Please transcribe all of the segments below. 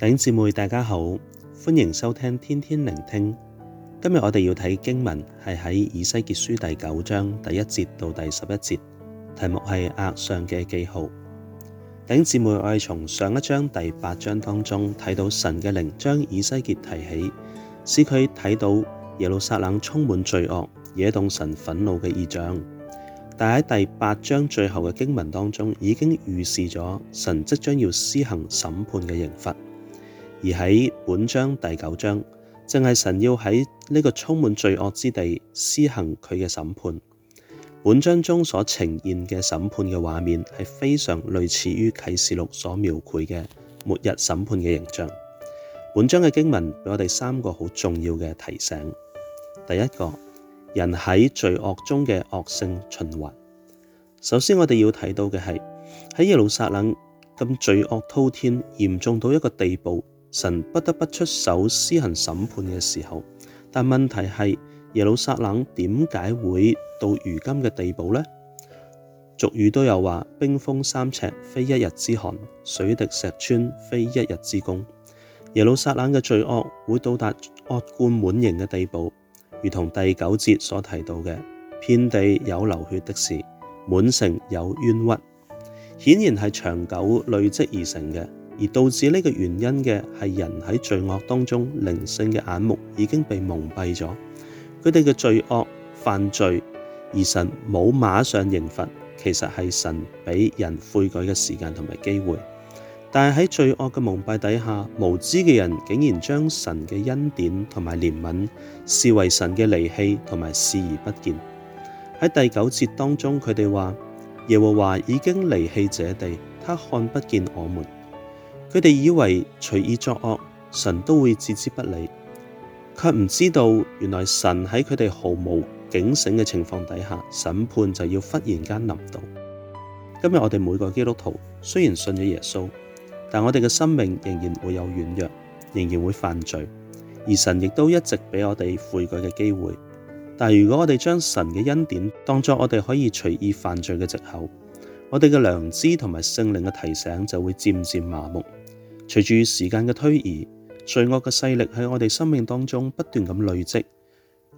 弟兄姊妹大家好，歡迎收聽天天聆聽。今日我哋要睇經文係喺以西結書第九章第一節到第十一節，題目係額上嘅記號。弟兄姊妹，我哋從上一章第八章當中睇到神嘅靈將以西結提起，使佢睇到耶路撒冷充滿罪惡、惹動神憤怒嘅異象。但喺第八章最後嘅經文當中，已經預示咗神即將要施行審判嘅刑罰。而喺本章第九章，正係神要喺呢個充滿罪惡之地施行佢嘅審判。本章中所呈現嘅審判嘅畫面係非常類似於啟示錄所描繪嘅末日審判嘅形象。本章嘅經文俾我哋三個好重要嘅提醒。第一個，人喺罪惡中嘅惡性循環。首先我們要看到的是，我哋要睇到嘅係喺耶路撒冷咁罪惡滔天，嚴重到一個地步。神不得不出手施行審判嘅時候，但問題係耶路撒冷點解會到如今嘅地步呢？俗語都有話：冰封三尺，非一日之寒；水滴石穿，非一日之功。耶路撒冷嘅罪惡會到達惡貫滿盈嘅地步，如同第九節所提到嘅，遍地有流血的事，滿城有冤屈，顯然係長久累積而成嘅。而導致呢個原因嘅係人喺罪惡當中，靈性嘅眼目已經被蒙蔽咗。佢哋嘅罪惡犯罪，而神冇馬上刑罰，其實係神俾人悔改嘅時間同埋機會。但係喺罪惡嘅蒙蔽底下，無知嘅人竟然將神嘅恩典同埋憐憫視為神嘅離棄，同埋視而不見。喺第九節當中，佢哋話：耶和華已經離棄這地，他看不見我們。佢哋以為隨意作惡，神都會置之不理，卻唔知道原來神喺佢哋毫無警醒嘅情況底下，審判就要忽然間臨到。今日我哋每個基督徒雖然信咗耶穌，但我哋嘅生命仍然會有軟弱，仍然會犯罪，而神亦都一直俾我哋悔改嘅機會。但如果我哋將神嘅恩典當作我哋可以隨意犯罪嘅藉口，我哋嘅良知同埋聖靈嘅提醒就會漸漸麻木。隨住時間嘅推移，罪惡嘅勢力喺我哋生命當中不斷咁累積，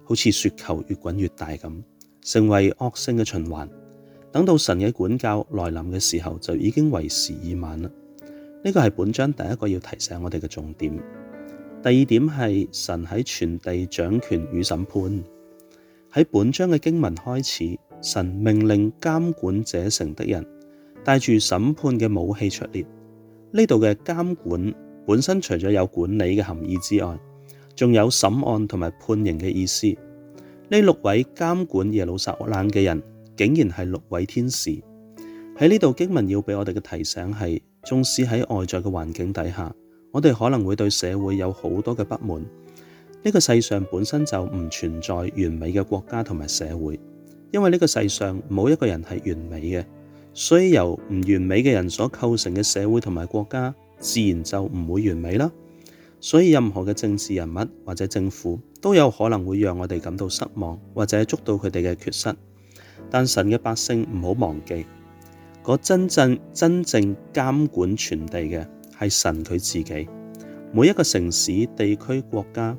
好似雪球越滾越大咁，成為惡性嘅循環。等到神的管教來臨嘅時候，就已經為時已晚了。呢個是本章第一個要提醒我哋嘅重點。第二點是神喺全地掌權與審判。喺本章嘅經文開始，神命令監管這城的人帶住審判嘅武器出列。呢度嘅監管本身除咗有管理嘅含義之外，仲有審案同埋判刑嘅意思。呢六位監管耶路撒冷嘅人，竟然係六位天使。喺呢度經文要畀我哋嘅提醒係：縱使喺外在嘅環境底下，我哋可能會對社會有好多嘅不滿。呢、這個世上本身就唔存在完美嘅國家同埋社會，因為呢個世上冇一個人係完美嘅。所以由唔完美嘅人所構成嘅社會同埋國家，自然就唔會完美啦。所以任何嘅政治人物或者政府都有可能會讓我哋感到失望，或者捉到佢哋嘅缺失。但神嘅百姓唔好忘記，嗰真正真正監管全地嘅係神佢自己。每一個城市、地區、國家，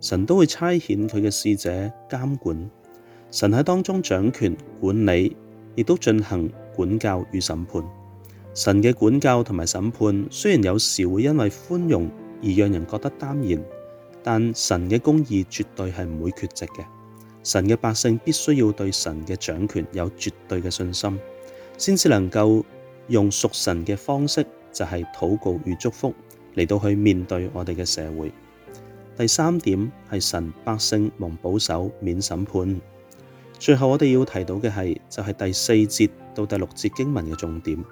神都會差遣佢嘅使者監管，神喺當中掌權管理，亦都進行。管教與審判，神嘅管教同埋審判雖然有時會因為寬容而讓人覺得耽延，但神嘅公義絕對係唔會缺席嘅。神嘅百姓必須要對神嘅掌權有絕對嘅信心，先至能夠用屬神嘅方式，就係、是、禱告與祝福嚟到去面對我哋嘅社會。第三點係神百姓蒙保守免審判。最後我哋要提到嘅係就係、是、第四節到第六節經文嘅重點。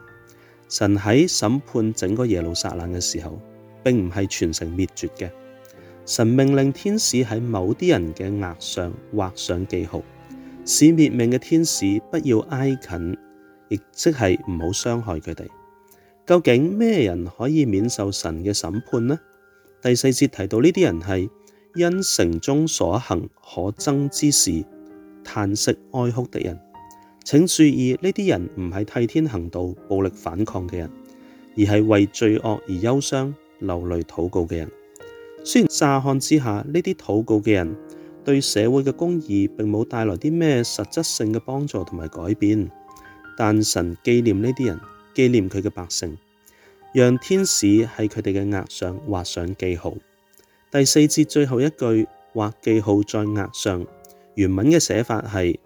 神喺審判整個耶路撒冷嘅時候，並唔係全城滅絕嘅。神命令天使喺某啲人嘅額上畫上記號，使滅命嘅天使不要挨近，亦即係唔好傷害佢哋。究竟咩人可以免受神嘅審判呢？第四節提到呢啲人係因城中所行可憎之事。歎息哀哭的人。請注意，呢啲人唔係替天行道、暴力反抗嘅人，而係為罪惡而憂傷、流淚禱告嘅人。雖然乍看之下，呢啲禱告嘅人對社會嘅公義並冇帶來啲咩實質性嘅幫助同埋改變，但神紀念呢啲人，紀念佢嘅百姓，讓天使喺佢哋嘅額上畫上記號。第四節最後一句，畫記號在額上。原文嘅寫法係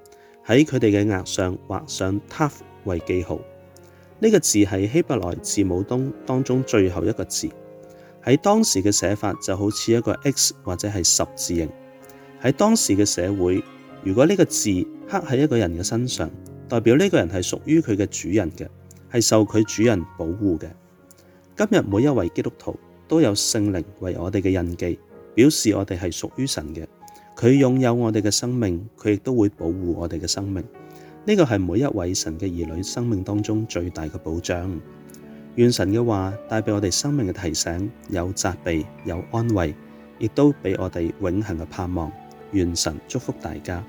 喺佢哋嘅額上畫上 Tav 為記號，呢、呢個字係希伯來字母當當中最後一個字。喺當時嘅寫法就好似一個 X 或者係十字形。喺當時嘅社會，如果呢個字刻喺一個人嘅身上，代表呢個人係屬於佢嘅主人嘅，係受佢主人保護嘅。今日每一位基督徒都有聖靈為我哋嘅印記，表示我哋係屬於神嘅。佢擁有我哋嘅生命，佢亦都會保護我哋嘅生命。呢個係每一位神嘅兒女生命當中最大嘅保障。願神嘅話帶俾我哋生命嘅提醒，有責備，有安慰，亦都俾我哋永恆嘅盼望。願神祝福大家。